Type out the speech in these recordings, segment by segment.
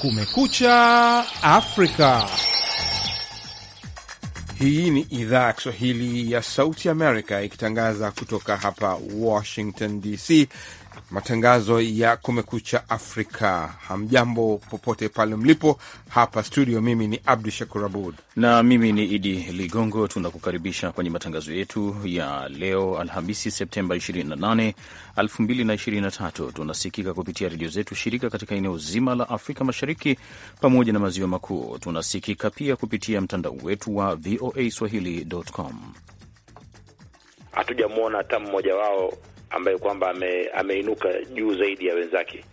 Kumekucha Afrika. Hii ni idhaa ya Kiswahili ya Sauti Amerika ikitangaza kutoka hapa Washington DC matangazo ya Kumekucha Afrika. Hamjambo popote pale mlipo. Hapa studio, mimi ni Abdu Shakur Abud na mimi ni Idi Ligongo. Tunakukaribisha kwenye matangazo yetu ya leo Alhamisi, Septemba 28, 2023. Tunasikika kupitia redio zetu shirika katika eneo zima la Afrika Mashariki pamoja na maziwa makuu. Tunasikika pia kupitia mtandao wetu wa voa swahili.com. Hatujamwona hata mmoja wao ambaye kwamba ameinuka juu zaidi ya wenzake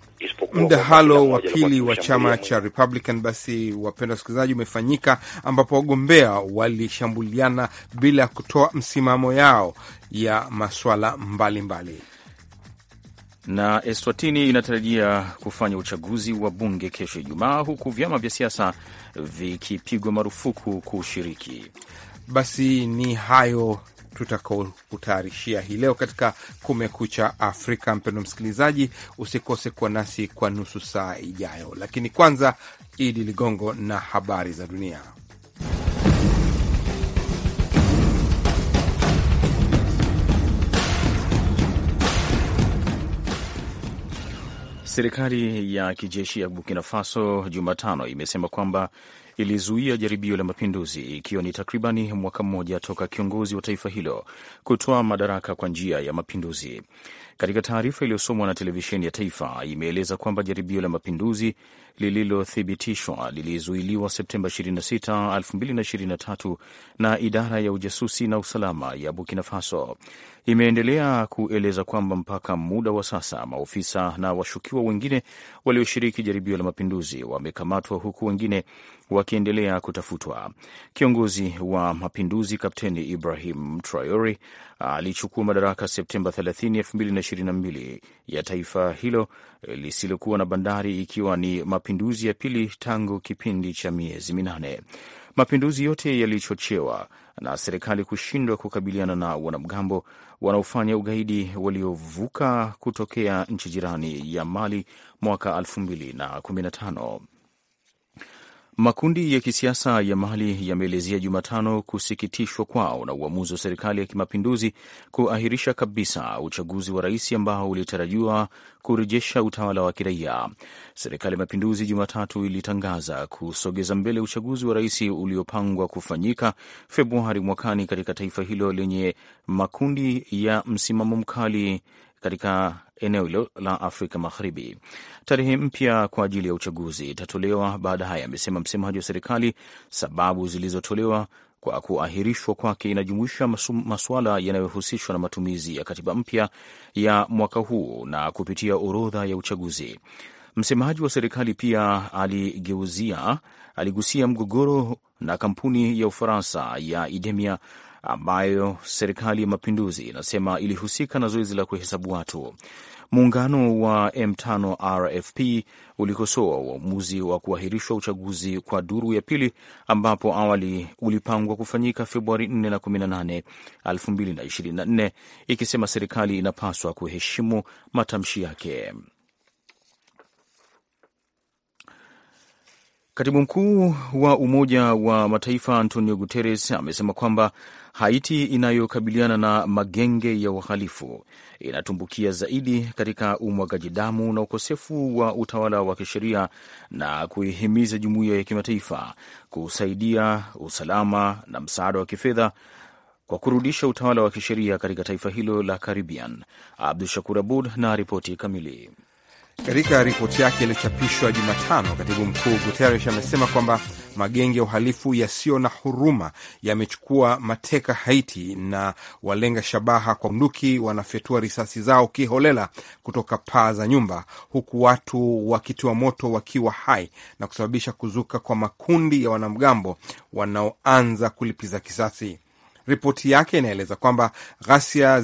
mdahalo wa pili wa chama cha Republican basi, wapenda wasikilizaji, umefanyika ambapo wagombea walishambuliana bila kutoa msimamo yao ya maswala mbalimbali mbali. Na Eswatini inatarajia kufanya uchaguzi wa bunge kesho Ijumaa, huku vyama vya siasa vikipigwa marufuku kushiriki. Basi ni hayo tutakokutayarishia hii leo katika Kumekucha Afrika. Mpendo msikilizaji, usikose kuwa nasi kwa nusu saa ijayo, lakini kwanza Idi Ligongo na habari za dunia. Serikali ya kijeshi ya Burkina Faso Jumatano imesema kwamba ilizuia jaribio la mapinduzi, ikiwa ni takribani mwaka mmoja toka kiongozi wa taifa hilo kutoa madaraka kwa njia ya mapinduzi. Katika taarifa iliyosomwa na televisheni ya taifa, imeeleza kwamba jaribio la mapinduzi lililothibitishwa lilizuiliwa Septemba 26, 2023 na idara ya ujasusi na usalama ya Burkina Faso imeendelea kueleza kwamba mpaka muda wa sasa maofisa na washukiwa wengine walioshiriki jaribio la mapinduzi wamekamatwa huku wengine wakiendelea kutafutwa. Kiongozi wa mapinduzi Kapteni Ibrahim Traore alichukua madaraka Septemba 30, 2022 ya taifa hilo lisilokuwa na bandari, ikiwa ni mapinduzi ya pili tangu kipindi cha miezi minane. Mapinduzi yote yalichochewa na serikali kushindwa kukabiliana na wanamgambo wanaofanya ugaidi waliovuka kutokea nchi jirani ya Mali mwaka 2015. Makundi ya kisiasa ya Mali yameelezea Jumatano kusikitishwa kwao na uamuzi wa serikali ya kimapinduzi kuahirisha kabisa uchaguzi wa rais ambao ulitarajiwa kurejesha utawala wa kiraia. Serikali ya mapinduzi Jumatatu ilitangaza kusogeza mbele uchaguzi wa rais uliopangwa kufanyika Februari mwakani katika taifa hilo lenye makundi ya msimamo mkali katika eneo hilo la Afrika Magharibi. Tarehe mpya kwa ajili ya uchaguzi itatolewa baadaye, amesema msemaji wa serikali. Sababu zilizotolewa kwa kuahirishwa kwake inajumuisha masuala yanayohusishwa na matumizi ya katiba mpya ya mwaka huu na kupitia orodha ya uchaguzi. Msemaji wa serikali pia aligeuzia, aligusia mgogoro na kampuni ya Ufaransa ya Idemia ambayo serikali ya mapinduzi inasema ilihusika na zoezi la kuhesabu watu. Muungano wa M5 RFP ulikosoa uamuzi wa kuahirishwa uchaguzi kwa duru ya pili ambapo awali ulipangwa kufanyika Februari 4 na 18, 2024, ikisema serikali inapaswa kuheshimu matamshi yake. Katibu mkuu wa Umoja wa Mataifa Antonio Guterres amesema kwamba Haiti inayokabiliana na magenge ya uhalifu inatumbukia zaidi katika umwagaji damu na ukosefu wa utawala wa kisheria na kuihimiza jumuiya ya kimataifa kusaidia usalama na msaada wa kifedha kwa kurudisha utawala wa kisheria katika taifa hilo la Caribbean. Abdu Shakur Abud na ripoti kamili. Katika ripoti yake iliyochapishwa Jumatano, katibu mkuu Guterres amesema kwamba magenge ya uhalifu yasiyo na huruma yamechukua mateka Haiti na walenga shabaha kwa bunduki wanafyatua risasi zao kiholela kutoka paa za nyumba, huku watu wakitiwa moto wakiwa hai na kusababisha kuzuka kwa makundi ya wanamgambo wanaoanza kulipiza kisasi. Ripoti yake inaeleza kwamba ghasia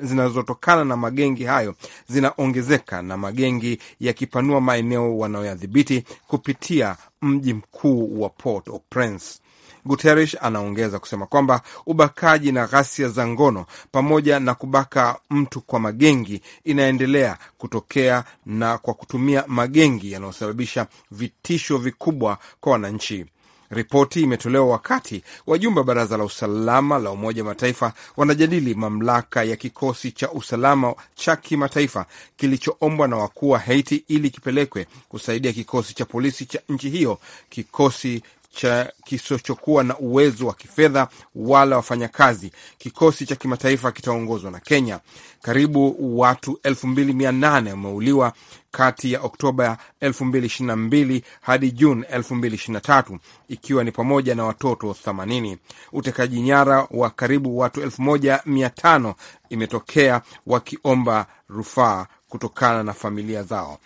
zinazotokana na magengi hayo zinaongezeka na magengi yakipanua maeneo wanayoyadhibiti kupitia mji mkuu wa Port-au-Prince. Guterres anaongeza kusema kwamba ubakaji na ghasia za ngono pamoja na kubaka mtu kwa magengi inaendelea kutokea na kwa kutumia magengi yanayosababisha vitisho vikubwa kwa wananchi. Ripoti imetolewa wakati wajumbe wa baraza la usalama la Umoja wa Mataifa wanajadili mamlaka ya kikosi cha usalama cha kimataifa kilichoombwa na wakuu wa Haiti ili kipelekwe kusaidia kikosi cha polisi cha nchi hiyo, kikosi cha kisichokuwa na uwezo wa kifedha wala wafanyakazi. Kikosi cha kimataifa kitaongozwa na Kenya. Karibu watu 2800 wameuliwa kati ya Oktoba 2022 hadi Juni 2023 ikiwa ni pamoja na watoto 80. Utekaji nyara wa karibu watu 1500 imetokea wakiomba rufaa kutokana na familia zao.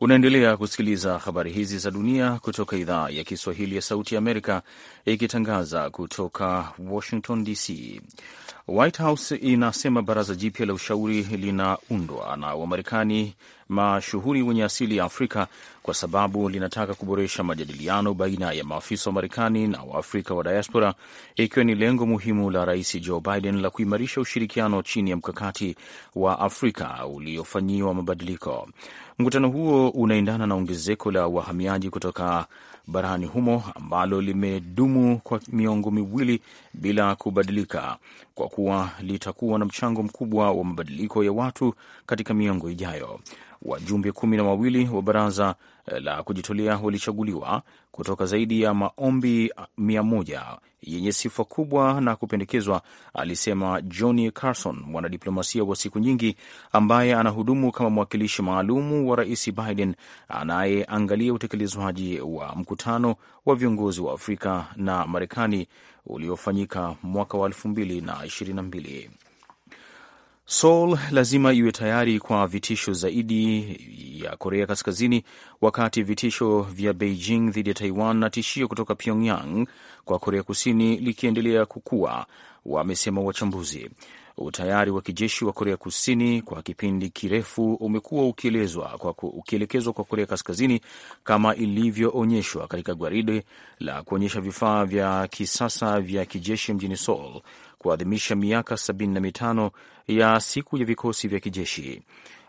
Unaendelea kusikiliza habari hizi za dunia kutoka idhaa ya Kiswahili ya Sauti ya Amerika, ikitangaza kutoka Washington DC. White House inasema baraza jipya la ushauri linaundwa na Wamarekani mashuhuri wenye asili ya Afrika kwa sababu linataka kuboresha majadiliano baina ya maafisa wa Marekani na Waafrika wa diaspora, ikiwa ni lengo muhimu la Rais Joe Biden la kuimarisha ushirikiano chini ya mkakati wa Afrika uliofanyiwa mabadiliko. Mkutano huo unaendana na ongezeko la wahamiaji kutoka barani humo ambalo limedumu kwa miongo miwili bila kubadilika kwa kuwa litakuwa na mchango mkubwa wa mabadiliko ya watu katika miongo ijayo. Wajumbe kumi na wawili wa baraza eh, la kujitolea walichaguliwa kutoka zaidi ya maombi mia moja yenye sifa kubwa na kupendekezwa, alisema Johnny Carson, mwanadiplomasia wa siku nyingi ambaye anahudumu kama mwakilishi maalumu wa Rais Biden anayeangalia utekelezwaji wa mkutano wa viongozi wa Afrika na Marekani uliofanyika mwaka wa 2022. Seoul lazima iwe tayari kwa vitisho zaidi ya Korea Kaskazini, wakati vitisho vya Beijing dhidi ya Taiwan na tishio kutoka Pyongyang kwa Korea Kusini likiendelea kukua, wamesema wachambuzi. Utayari wa kijeshi wa Korea Kusini kwa kipindi kirefu umekuwa ukielekezwa kwa Korea Kaskazini, kama ilivyoonyeshwa katika gwaride la kuonyesha vifaa vya kisasa vya kijeshi mjini Seoul kuadhimisha miaka 75 ya siku ya vikosi vya kijeshi.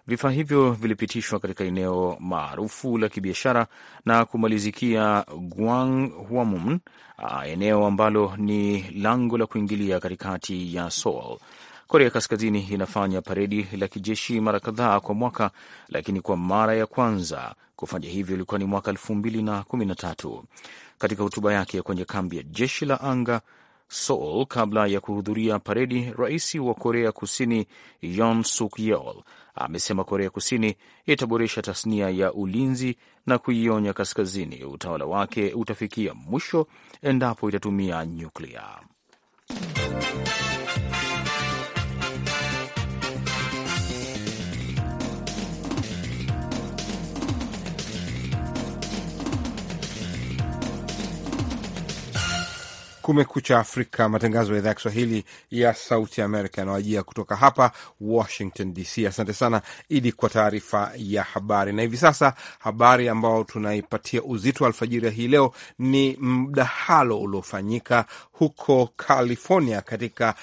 Vifaa hivyo vilipitishwa katika eneo maarufu la kibiashara na kumalizikia Gwanghwamun, ah, eneo ambalo ni lango la kuingilia katikati ya Seoul. Korea Kaskazini inafanya paredi la kijeshi mara kadhaa kwa mwaka, lakini kwa mara ya kwanza kufanya hivyo ilikuwa ni mwaka elfu mbili na kumi na tatu. Katika hotuba yake kwenye kambi ya jeshi la anga Seoul kabla ya kuhudhuria paredi. Rais wa Korea Kusini Yoon Suk Yeol amesema Korea Kusini itaboresha tasnia ya ulinzi na kuionya Kaskazini utawala wake utafikia mwisho endapo itatumia nyuklia. Kumekucha Afrika, matangazo ya idhaa ya Kiswahili ya Sauti Amerika yanawajia kutoka hapa Washington DC. Asante sana Idi kwa taarifa ya habari. Na hivi sasa habari ambayo tunaipatia uzito wa alfajiri hii leo ni mdahalo uliofanyika huko California katika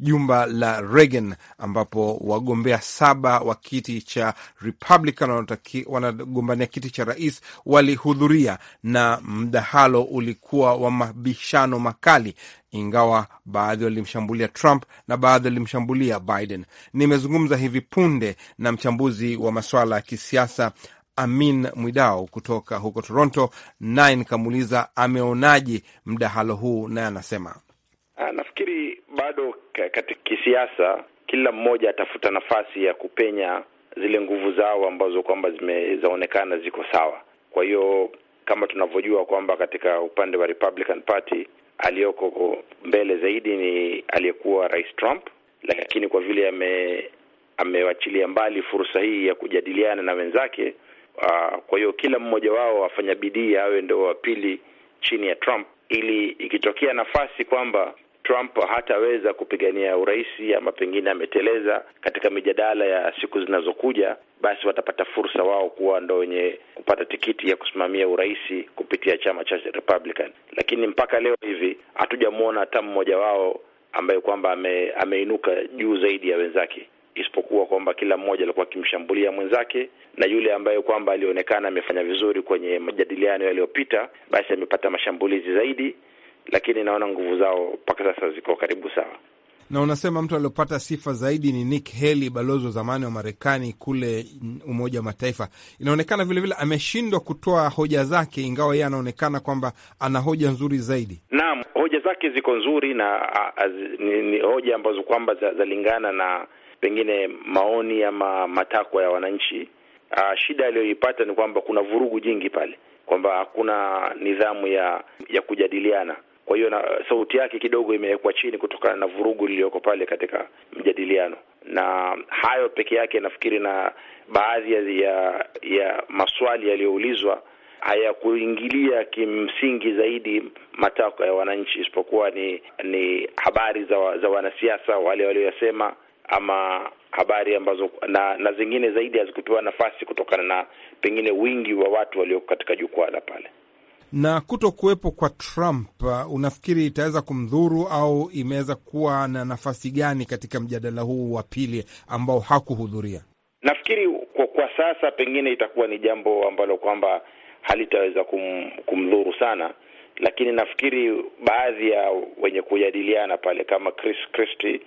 jumba la Reagan ambapo wagombea saba wa kiti cha Republican wanagombania kiti cha rais walihudhuria, na mdahalo ulikuwa wa mabishano makali, ingawa baadhi walimshambulia Trump na baadhi walimshambulia Biden. Nimezungumza hivi punde na mchambuzi wa masuala ya kisiasa Amin Mwidao kutoka huko Toronto, naye nikamuuliza ameonaje mdahalo huu, naye anasema ah, nafikiri bado katika kisiasa, kila mmoja atafuta nafasi ya kupenya zile nguvu zao ambazo kwamba zimezaonekana ziko sawa. Kwa hiyo kama tunavyojua kwamba katika upande wa Republican Party aliyoko mbele zaidi ni aliyekuwa Rais Trump, lakini kwa vile ame amewachilia mbali fursa hii ya kujadiliana na wenzake. Uh, kwa hiyo kila mmoja wao afanya bidii awe ndio wa pili chini ya Trump, ili ikitokea nafasi kwamba Trump hataweza kupigania urais ama pengine ameteleza katika mijadala ya siku zinazokuja, basi watapata fursa wao kuwa ndo wenye kupata tikiti ya kusimamia urais kupitia chama cha Republican. Lakini mpaka leo hivi hatujamwona hata mmoja wao ambaye kwamba ame, ameinuka juu zaidi ya wenzake isipokuwa kwamba kila mmoja alikuwa akimshambulia mwenzake, na yule ambaye kwamba alionekana amefanya vizuri kwenye majadiliano yaliyopita, basi amepata mashambulizi zaidi, lakini naona nguvu zao mpaka sasa ziko karibu sawa. Na unasema mtu aliopata sifa zaidi ni nik Haley, balozi wa zamani wa Marekani kule Umoja wa Mataifa. Inaonekana vilevile ameshindwa kutoa hoja zake, ingawa yeye anaonekana kwamba ana hoja nzuri zaidi. Naam, hoja zake ziko nzuri na z, ni, ni hoja ambazo kwamba zalingana za na pengine maoni ama matakwa ya wananchi. A, shida aliyoipata ni kwamba kuna vurugu jingi pale, kwamba hakuna nidhamu ya ya kujadiliana kwa hiyo na sauti yake kidogo imewekwa chini kutokana na vurugu iliyoko pale katika mjadiliano, na hayo peke yake nafikiri, na baadhi ya ya maswali yaliyoulizwa hayakuingilia kimsingi zaidi matakwa ya wananchi, isipokuwa ni ni habari za, za wanasiasa wale walioyasema ama habari ambazo na, na zingine zaidi hazikupewa nafasi kutokana na pengine wingi wa watu walioko katika jukwaa la pale. Na kuto kuwepo kwa Trump uh, unafikiri itaweza kumdhuru au imeweza kuwa na nafasi gani katika mjadala huu wa pili ambao hakuhudhuria? Nafikiri kwa, kwa sasa pengine itakuwa ni jambo ambalo kwamba halitaweza kum, kumdhuru sana, lakini nafikiri baadhi ya wenye kujadiliana pale kama Chris Christie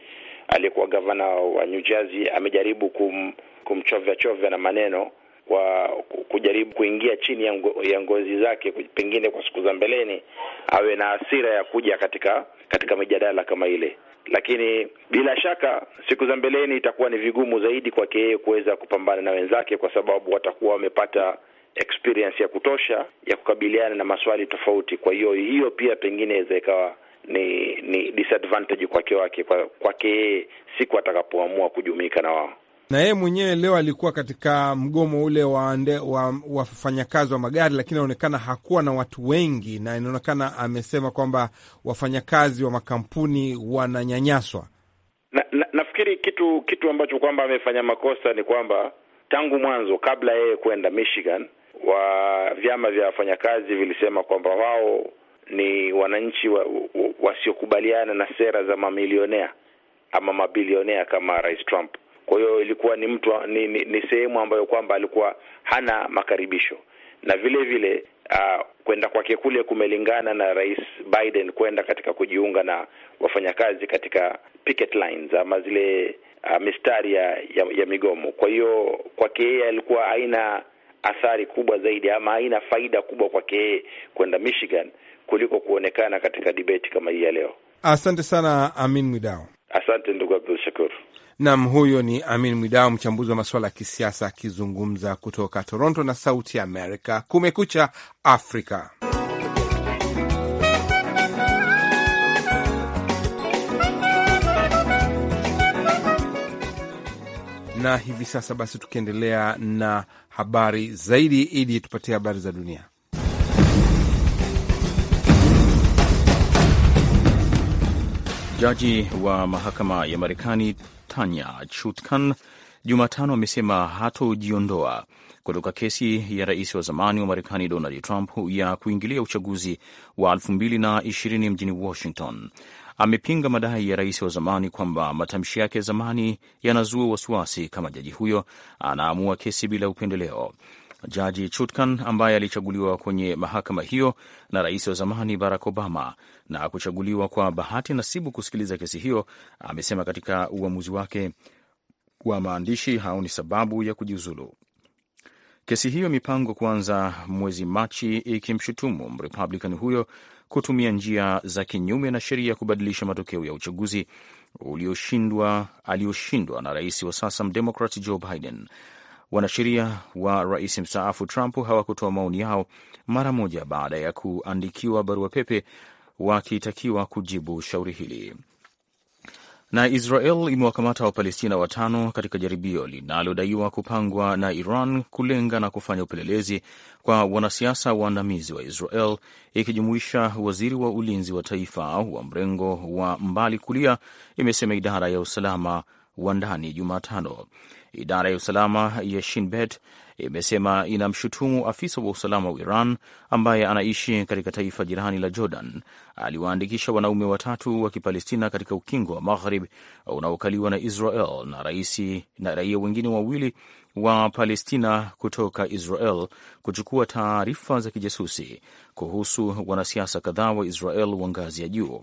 aliyekuwa gavana wa New Jersey amejaribu kum, kumchovya chovya na maneno kwa kujaribu kuingia chini ya, ngo, ya ngozi zake, pengine kwa siku za mbeleni awe na hasira ya kuja katika katika mijadala kama ile, lakini bila shaka siku za mbeleni itakuwa ni vigumu zaidi kwake yeye kuweza kupambana na wenzake, kwa sababu watakuwa wamepata experience ya kutosha ya kukabiliana na maswali tofauti. Kwa hiyo hiyo pia pengine inaweza ikawa ni ni disadvantage kwake wake kwake yeye siku atakapoamua kujumuika na wao na yeye mwenyewe leo alikuwa katika mgomo ule wa wafanyakazi wa, wa magari, lakini inaonekana hakuwa na watu wengi, na inaonekana amesema kwamba wafanyakazi wa makampuni wananyanyaswa. Na, na, nafikiri kitu kitu ambacho kwamba amefanya makosa ni kwamba tangu mwanzo, kabla yeye kwenda Michigan, wa vyama vya wafanyakazi vilisema kwamba wao ni wananchi wasiokubaliana wa, wa, wa na sera za mamilionea ama mabilionea kama Rais Trump kwa hiyo ilikuwa ni mtu ni, ni, ni sehemu ambayo kwamba alikuwa hana makaribisho, na vile vile uh, kwenda kwake kule kumelingana na Rais Biden kwenda katika kujiunga na wafanyakazi katika picket lines ama zile uh, mistari ya, ya, ya migomo. Kwa hiyo kwake yeye alikuwa haina athari kubwa zaidi ama haina faida kubwa kwake yeye kwenda Michigan kuliko kuonekana katika debate kama hii ya leo. Asante sana Amin Mwidao. Asante ndugu Abdul Shakur. Nam, huyo ni Amin Mwidau, mchambuzi wa masuala ya kisiasa akizungumza kutoka Toronto na Sauti ya Amerika. Kumekucha Afrika. Na hivi sasa basi, tukiendelea na habari zaidi, ili tupatie habari za dunia. Jaji wa mahakama ya Marekani Tanya Chutkan Jumatano amesema hatojiondoa kutoka kesi ya rais wa zamani wa Marekani Donald Trump ya kuingilia uchaguzi wa 2020 mjini Washington. Amepinga madai ya rais wa zamani kwamba matamshi yake ya zamani yanazua wasiwasi kama jaji huyo anaamua kesi bila upendeleo. Jaji Chutkan ambaye alichaguliwa kwenye mahakama hiyo na rais wa zamani Barack Obama na kuchaguliwa kwa bahati nasibu kusikiliza kesi hiyo, amesema katika uamuzi wake wa maandishi haoni sababu ya kujiuzulu. Kesi hiyo mipango kuanza mwezi Machi, ikimshutumu mrepublican huyo kutumia njia za kinyume na sheria kubadilisha matokeo ya uchaguzi ulioshindwa alioshindwa na rais wa sasa mdemokrat Joe Biden. Wanasheria wa rais mstaafu Trump hawakutoa maoni yao mara moja baada ya kuandikiwa barua pepe wakitakiwa kujibu shauri hili. Na Israel imewakamata Wapalestina watano katika jaribio linalodaiwa kupangwa na Iran kulenga na kufanya upelelezi kwa wanasiasa waandamizi wa Israel, ikijumuisha waziri wa ulinzi wa taifa wa mrengo wa mbali kulia, imesema idara ya usalama wa ndani Jumatano. Idara ya usalama ya Shinbet imesema inamshutumu afisa wa usalama wa Iran ambaye anaishi katika taifa jirani la Jordan aliwaandikisha wanaume watatu wa Kipalestina katika ukingo wa Maghrib unaokaliwa na Israel na raisi, na raia wengine wawili wa Palestina kutoka Israel kuchukua taarifa za kijasusi kuhusu wanasiasa kadhaa wa Israel wa ngazi ya juu,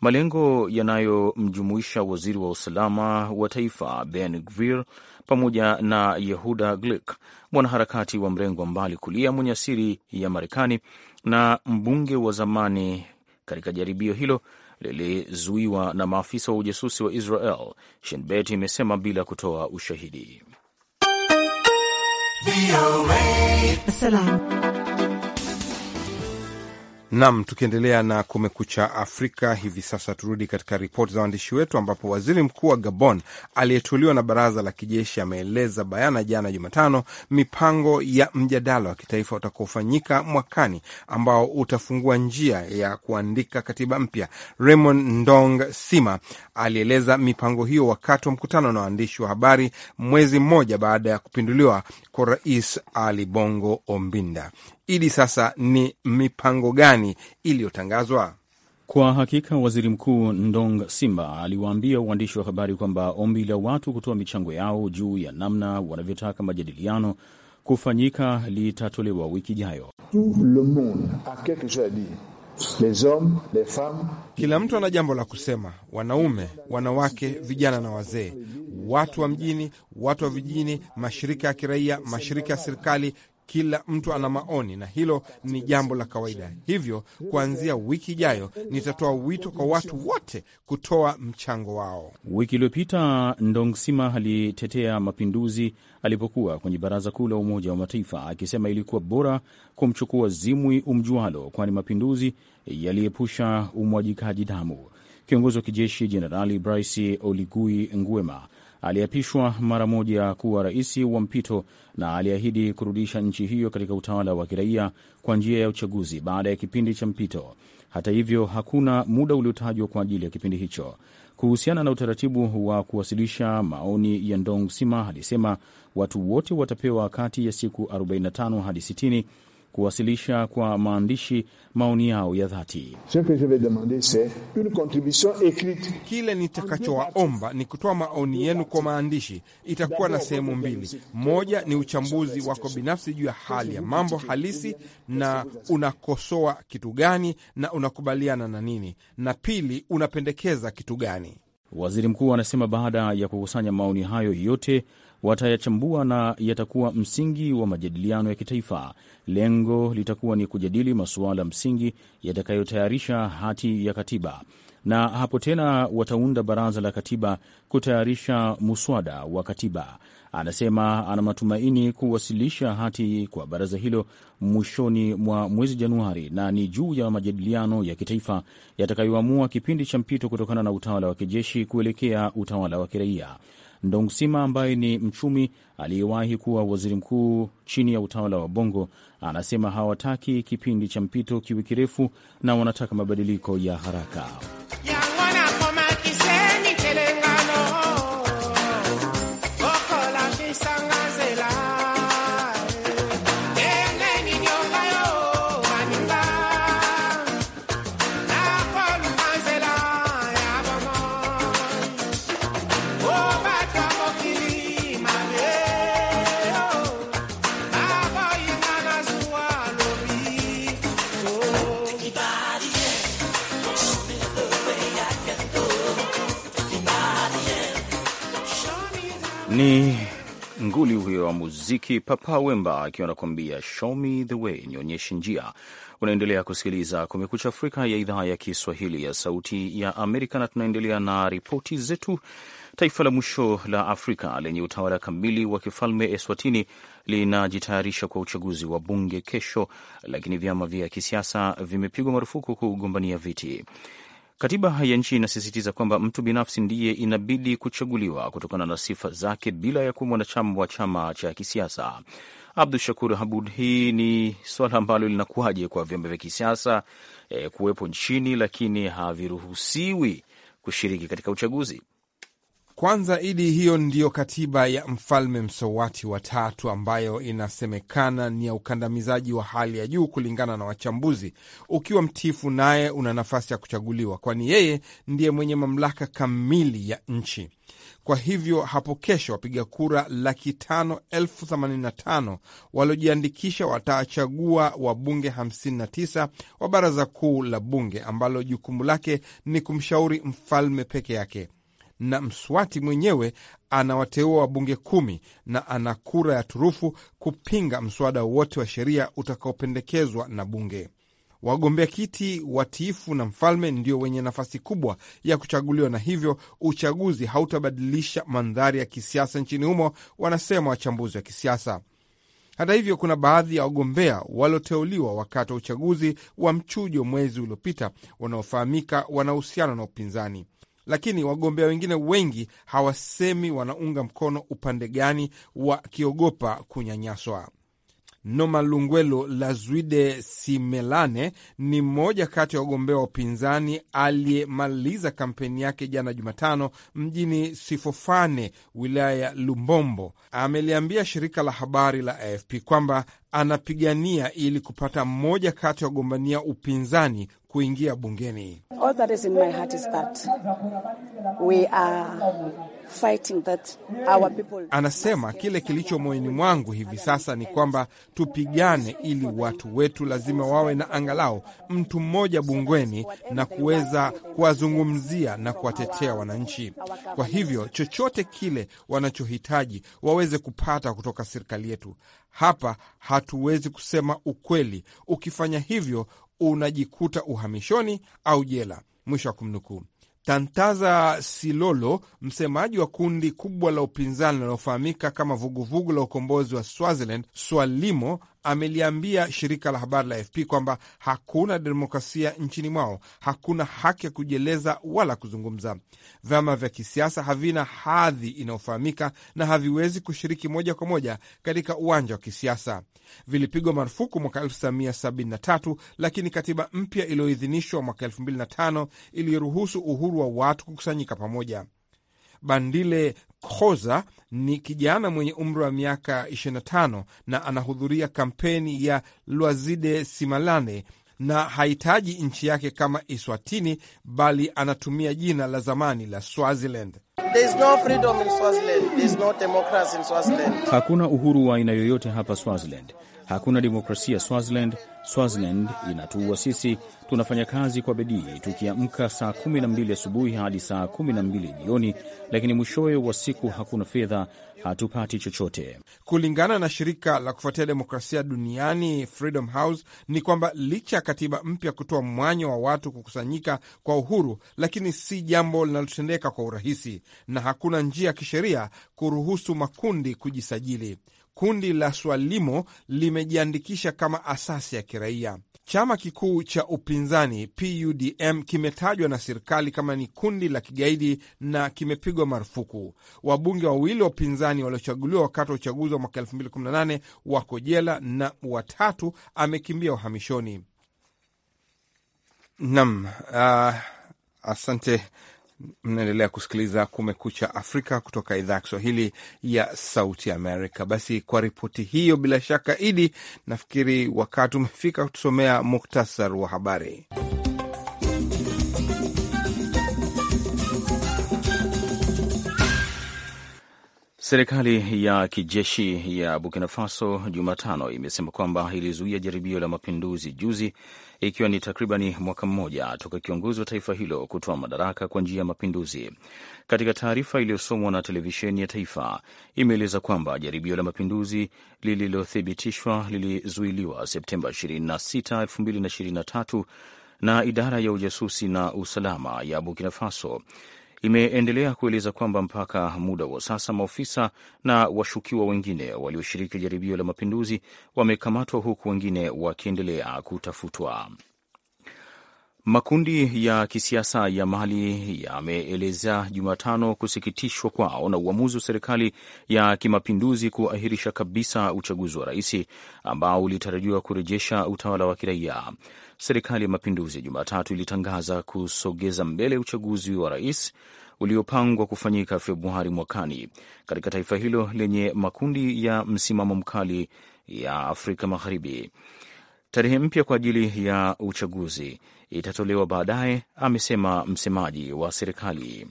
malengo yanayomjumuisha waziri wa usalama wa taifa Ben Gvir pamoja na Yehuda Glick, mwanaharakati wa mrengo wa mbali kulia mwenye asili ya Marekani na mbunge wa zamani katika jaribio hilo lilizuiwa na maafisa wa ujasusi wa Israel, shinbet imesema bila kutoa ushahidi. Nam, tukiendelea na Kumekucha Afrika hivi sasa, turudi katika ripoti za waandishi wetu, ambapo waziri mkuu wa Gabon aliyetuliwa na baraza la kijeshi ameeleza bayana jana Jumatano mipango ya mjadala wa kitaifa utakaofanyika mwakani ambao utafungua njia ya kuandika katiba mpya. Raymond Ndong Sima alieleza mipango hiyo wakati wa mkutano na waandishi wa habari mwezi mmoja baada ya kupinduliwa kwa Rais Ali Bongo Ombinda. Idi, sasa ni mipango gani iliyotangazwa? Kwa hakika waziri mkuu Ndong Simba aliwaambia waandishi wa habari kwamba ombi la watu kutoa michango yao juu ya namna wanavyotaka majadiliano kufanyika litatolewa wiki ijayo. Kila mtu ana jambo la kusema: wanaume, wanawake, vijana na wazee, watu wa mjini, watu wa vijijini, mashirika ya kiraia, mashirika ya serikali, kila mtu ana maoni na hilo ni jambo la kawaida. Hivyo kuanzia wiki ijayo nitatoa wito kwa watu wote kutoa mchango wao. Wiki iliyopita Ndongsima alitetea mapinduzi alipokuwa kwenye Baraza Kuu la Umoja wa Mataifa akisema ilikuwa bora kumchukua Zimwi umjualo, kwani mapinduzi yaliepusha umwajikaji damu. Kiongozi wa kijeshi Jenerali Brice Oligui Nguema aliapishwa mara moja kuwa rais wa mpito na aliahidi kurudisha nchi hiyo katika utawala wa kiraia kwa njia ya uchaguzi baada ya kipindi cha mpito. Hata hivyo, hakuna muda uliotajwa kwa ajili ya kipindi hicho. Kuhusiana na utaratibu wa kuwasilisha maoni ya Ndong Sima alisema watu wote watapewa kati ya siku 45 hadi kuwasilisha kwa maandishi maoni yao ya dhati. Kile nitakachowaomba ni kutoa maoni yenu kwa maandishi. Itakuwa na sehemu mbili, moja ni uchambuzi wako binafsi juu ya hali ya mambo halisi na unakosoa kitu gani na unakubaliana na nini, na pili unapendekeza kitu gani. Waziri mkuu anasema baada ya kukusanya maoni hayo yote watayachambua na yatakuwa msingi wa majadiliano ya kitaifa. Lengo litakuwa ni kujadili masuala msingi yatakayotayarisha hati ya katiba na hapo tena wataunda baraza la katiba kutayarisha muswada wa katiba. Anasema ana matumaini kuwasilisha hati kwa baraza hilo mwishoni mwa mwezi Januari, na ni juu ya majadiliano ya kitaifa yatakayoamua kipindi cha mpito kutokana na utawala wa kijeshi kuelekea utawala wa kiraia ndongsima ambaye ni mchumi aliyewahi kuwa waziri mkuu chini ya utawala wa Bongo anasema hawataki kipindi cha mpito kiwe kirefu na wanataka mabadiliko ya haraka. Ni nguli huyo wa muziki Papa Wemba akiwa anakuambia show me the way, nionyeshe njia. Unaendelea kusikiliza Kumekucha Afrika ya idhaa ya Kiswahili ya Sauti ya Amerika, na tunaendelea na ripoti zetu. Taifa la mwisho la Afrika lenye utawala kamili wa kifalme Eswatini linajitayarisha kwa uchaguzi wa bunge kesho, lakini vyama vya kisiasa vimepigwa marufuku kugombania viti. Katiba ya nchi inasisitiza kwamba mtu binafsi ndiye inabidi kuchaguliwa kutokana na sifa zake bila ya kuwa mwanachama wa chama cha kisiasa. Abdu Shakur Habud, hii ni swala ambalo linakuwaje kwa vyama vya kisiasa e, kuwepo nchini lakini haviruhusiwi kushiriki katika uchaguzi? Kwanza idi hiyo ndiyo katiba ya mfalme Msowati wa tatu ambayo inasemekana ni ya ukandamizaji wa hali ya juu kulingana na wachambuzi. Ukiwa mtifu naye una nafasi ya kuchaguliwa, kwani yeye ndiye mwenye mamlaka kamili ya nchi. Kwa hivyo hapo kesho wapiga kura laki tano elfu themanini na tano waliojiandikisha watachagua wabunge 59 wa baraza kuu la bunge ambalo jukumu lake ni kumshauri mfalme peke yake na Mswati mwenyewe anawateua wabunge kumi na ana kura ya turufu kupinga mswada wote wa sheria utakaopendekezwa na bunge. Wagombea kiti watiifu na mfalme ndio wenye nafasi kubwa ya kuchaguliwa, na hivyo uchaguzi hautabadilisha mandhari ya kisiasa nchini humo, wanasema wachambuzi wa kisiasa. Hata hivyo, kuna baadhi ya wagombea walioteuliwa wakati wa uchaguzi wa mchujo mwezi uliopita wanaofahamika wana uhusiano na upinzani lakini wagombea wengine wengi hawasemi wanaunga mkono upande gani, wakiogopa kunyanyaswa. Noma Lungwelo Lazwide Simelane ni mmoja kati ya wagombea wa upinzani aliyemaliza kampeni yake jana Jumatano mjini Sifofane, wilaya ya Lumbombo. Ameliambia shirika la habari la AFP kwamba anapigania ili kupata mmoja kati ya wagombania upinzani kuingia bungeni. All that is in my heart is that we are Anasema kile kilicho moyoni mwangu hivi sasa ni kwamba tupigane, ili watu wetu lazima wawe na angalau mtu mmoja bungweni na kuweza kuwazungumzia na kuwatetea wananchi. Kwa hivyo chochote kile wanachohitaji waweze kupata kutoka serikali yetu. Hapa hatuwezi kusema ukweli. Ukifanya hivyo, unajikuta uhamishoni au jela. Mwisho wa kumnukuu. Tantaza Silolo, msemaji wa kundi kubwa la upinzani linalofahamika kama vuguvugu la ukombozi wa Swaziland, Swalimo, ameliambia shirika la habari la fp kwamba hakuna demokrasia nchini mwao, hakuna haki ya kujieleza wala kuzungumza. Vyama vya kisiasa havina hadhi inayofahamika na haviwezi kushiriki moja kwa moja katika uwanja wa kisiasa. Vilipigwa marufuku mwaka 1973 lakini katiba mpya iliyoidhinishwa mwaka 2005 iliruhusu uhuru wa watu kukusanyika pamoja. Bandile Khoza ni kijana mwenye umri wa miaka 25 na anahudhuria kampeni ya Lwazide Simalane na hahitaji nchi yake kama Iswatini, bali anatumia jina la zamani la Swaziland. There is no freedom in Swaziland. There is no democracy in Swaziland. Hakuna uhuru wa aina yoyote hapa Swaziland. Hakuna demokrasia Swaziland. Swaziland inatuua sisi. Tunafanya kazi kwa bidii tukiamka saa 12 asubuhi hadi saa 12 jioni, lakini mwishowe wa siku hakuna fedha hatupati chochote. Kulingana na shirika la kufuatia demokrasia duniani Freedom House ni kwamba licha ya katiba mpya kutoa mwanya wa watu kukusanyika kwa uhuru, lakini si jambo linalotendeka kwa urahisi, na hakuna njia ya kisheria kuruhusu makundi kujisajili. Kundi la Swalimo limejiandikisha kama asasi ya kiraia. Chama kikuu cha upinzani PUDM kimetajwa na serikali kama ni kundi la kigaidi na kimepigwa marufuku. Wabunge wawili wa upinzani waliochaguliwa wakati wa uchaguzi wa mwaka 2018 wako jela na watatu amekimbia uhamishoni. Nam, uh, ah, asante Mnaendelea kusikiliza Kumekucha Afrika kutoka idhaa ya Kiswahili ya Sauti Amerika. Basi kwa ripoti hiyo, bila shaka Idi, nafikiri wakati umefika kutusomea muktasar wa habari. Serikali ya kijeshi ya Burkina Faso Jumatano imesema kwamba ilizuia jaribio la mapinduzi juzi, ikiwa ni takribani mwaka mmoja toka kiongozi wa taifa hilo kutoa madaraka kwa njia ya mapinduzi. Katika taarifa iliyosomwa na televisheni ya taifa, imeeleza kwamba jaribio la mapinduzi lililothibitishwa lilizuiliwa Septemba 26, 2023 na idara ya ujasusi na usalama ya Burkina Faso imeendelea kueleza kwamba mpaka muda wa sasa maofisa na washukiwa wengine walioshiriki jaribio la mapinduzi wamekamatwa huku wengine wakiendelea kutafutwa. Makundi ya kisiasa ya Mali yameeleza Jumatano kusikitishwa kwao na uamuzi wa serikali ya kimapinduzi kuahirisha kabisa uchaguzi wa rais ambao ulitarajiwa kurejesha utawala wa kiraia. Serikali ya mapinduzi ya Jumatatu ilitangaza kusogeza mbele uchaguzi wa rais uliopangwa kufanyika Februari mwakani katika taifa hilo lenye makundi ya msimamo mkali ya Afrika Magharibi. Tarehe mpya kwa ajili ya uchaguzi itatolewa baadaye, amesema msemaji wa serikali.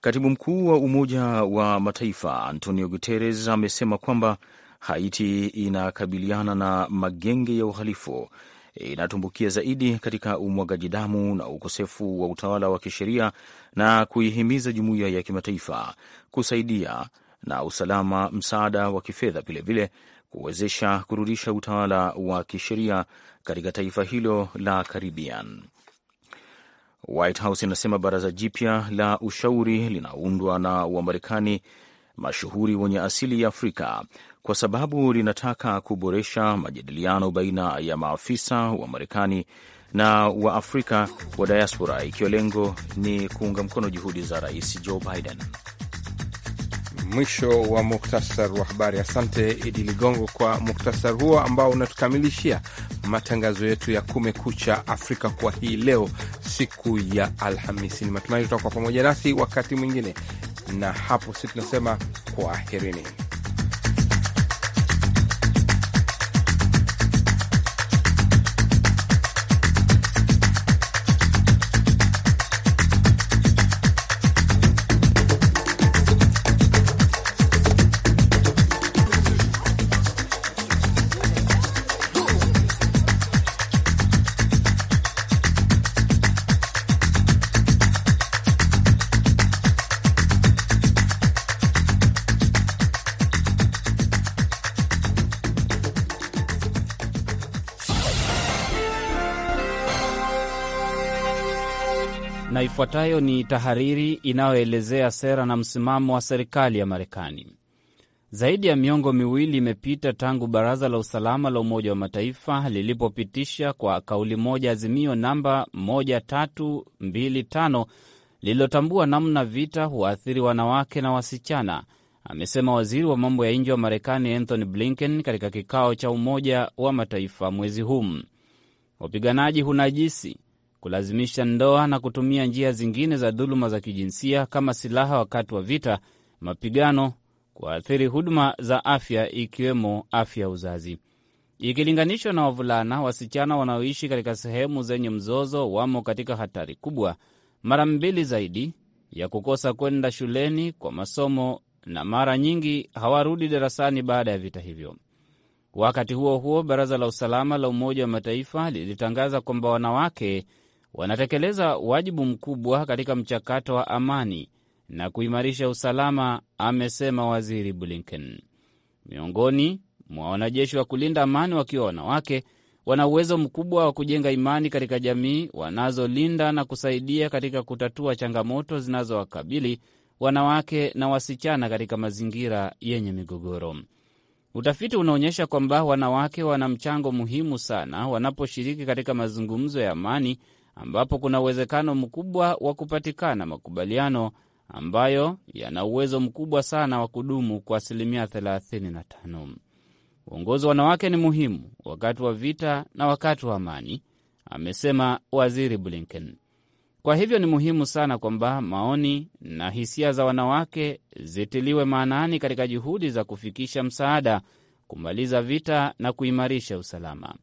Katibu mkuu wa Umoja wa Mataifa Antonio Guterres amesema kwamba Haiti inakabiliana na magenge ya uhalifu, inatumbukia zaidi katika umwagaji damu na ukosefu wa utawala wa kisheria na kuihimiza jumuiya ya kimataifa kusaidia na usalama, msaada wa kifedha, vilevile kuwezesha kurudisha utawala wa kisheria katika taifa hilo la Caribbean. White House inasema baraza jipya la ushauri linaundwa na Wamarekani mashuhuri wenye asili ya Afrika kwa sababu linataka kuboresha majadiliano baina ya maafisa wa Marekani na wa Afrika wa diaspora, ikiwa lengo ni kuunga mkono juhudi za Rais Joe Biden mwisho wa muktasar wa habari. Asante Idi Ligongo kwa muktasar huo ambao unatukamilishia matangazo yetu ya Kumekucha Afrika kwa hii leo, siku ya Alhamisi. Ni matumaini tutakuwa pamoja nasi wakati mwingine, na hapo si tunasema kwaherini. Ifuatayo ni tahariri inayoelezea sera na msimamo wa serikali ya Marekani. Zaidi ya miongo miwili imepita tangu Baraza la Usalama la Umoja wa Mataifa lilipopitisha kwa kauli moja azimio namba 1325 lililotambua namna vita huwaathiri wanawake na wasichana, amesema waziri wa mambo ya nje wa Marekani Anthony Blinken katika kikao cha Umoja wa Mataifa mwezi huu. Wapiganaji hunajisi, kulazimisha ndoa na kutumia njia zingine za dhuluma za kijinsia kama silaha wakati wa vita, mapigano, kuathiri huduma za afya ikiwemo afya ya uzazi. Ikilinganishwa na wavulana, wasichana wanaoishi katika sehemu zenye mzozo wamo katika hatari kubwa mara mbili zaidi ya kukosa kwenda shuleni kwa masomo na mara nyingi hawarudi darasani baada ya vita hivyo. Wakati huo huo, Baraza la Usalama la Umoja wa Mataifa lilitangaza kwamba wanawake wanatekeleza wajibu mkubwa katika mchakato wa amani na kuimarisha usalama, amesema Waziri Blinken. Miongoni mwa wanajeshi wa kulinda amani wakiwa wanawake, wana uwezo mkubwa wa kujenga imani katika jamii wanazolinda na kusaidia katika kutatua changamoto zinazowakabili wanawake na wasichana katika mazingira yenye migogoro. Utafiti unaonyesha kwamba wanawake wana mchango muhimu sana wanaposhiriki katika mazungumzo ya amani ambapo kuna uwezekano mkubwa wa kupatikana makubaliano ambayo yana uwezo mkubwa sana wa kudumu kwa asilimia 35. Uongozi wa wanawake ni muhimu wakati wa vita na wakati wa amani, amesema Waziri Blinken. Kwa hivyo ni muhimu sana kwamba maoni na hisia za wanawake zitiliwe maanani katika juhudi za kufikisha msaada, kumaliza vita na kuimarisha usalama.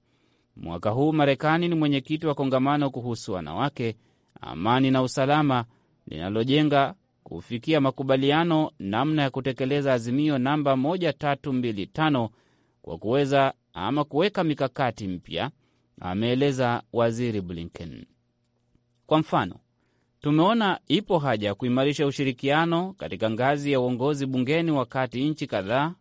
Mwaka huu Marekani ni mwenyekiti wa kongamano kuhusu wanawake, amani na usalama linalojenga kufikia makubaliano namna ya kutekeleza azimio namba 1325 kwa kuweza ama kuweka mikakati mpya, ameeleza Waziri Blinken. Kwa mfano, tumeona ipo haja ya kuimarisha ushirikiano katika ngazi ya uongozi bungeni, wakati nchi kadhaa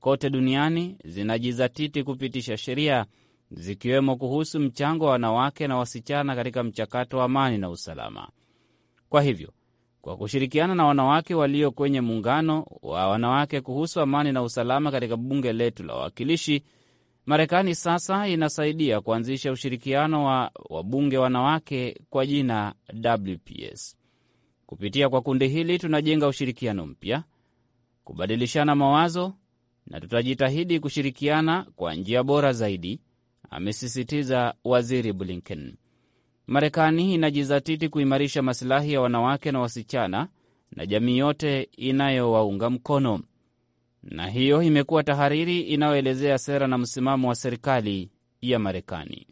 kote duniani zinajizatiti kupitisha sheria zikiwemo kuhusu mchango wa wanawake na wasichana katika mchakato wa amani na usalama. Kwa hivyo, kwa kushirikiana na wanawake walio kwenye muungano wa wanawake kuhusu amani na usalama katika bunge letu la wawakilishi, Marekani sasa inasaidia kuanzisha ushirikiano wa wabunge wanawake kwa jina WPS. Kupitia kwa kundi hili tunajenga ushirikiano mpya, kubadilishana mawazo na tutajitahidi kushirikiana kwa njia bora zaidi amesisitiza Waziri Blinken. Marekani inajizatiti kuimarisha masilahi ya wanawake na wasichana na jamii yote inayowaunga mkono, na hiyo imekuwa tahariri inayoelezea sera na msimamo wa serikali ya Marekani.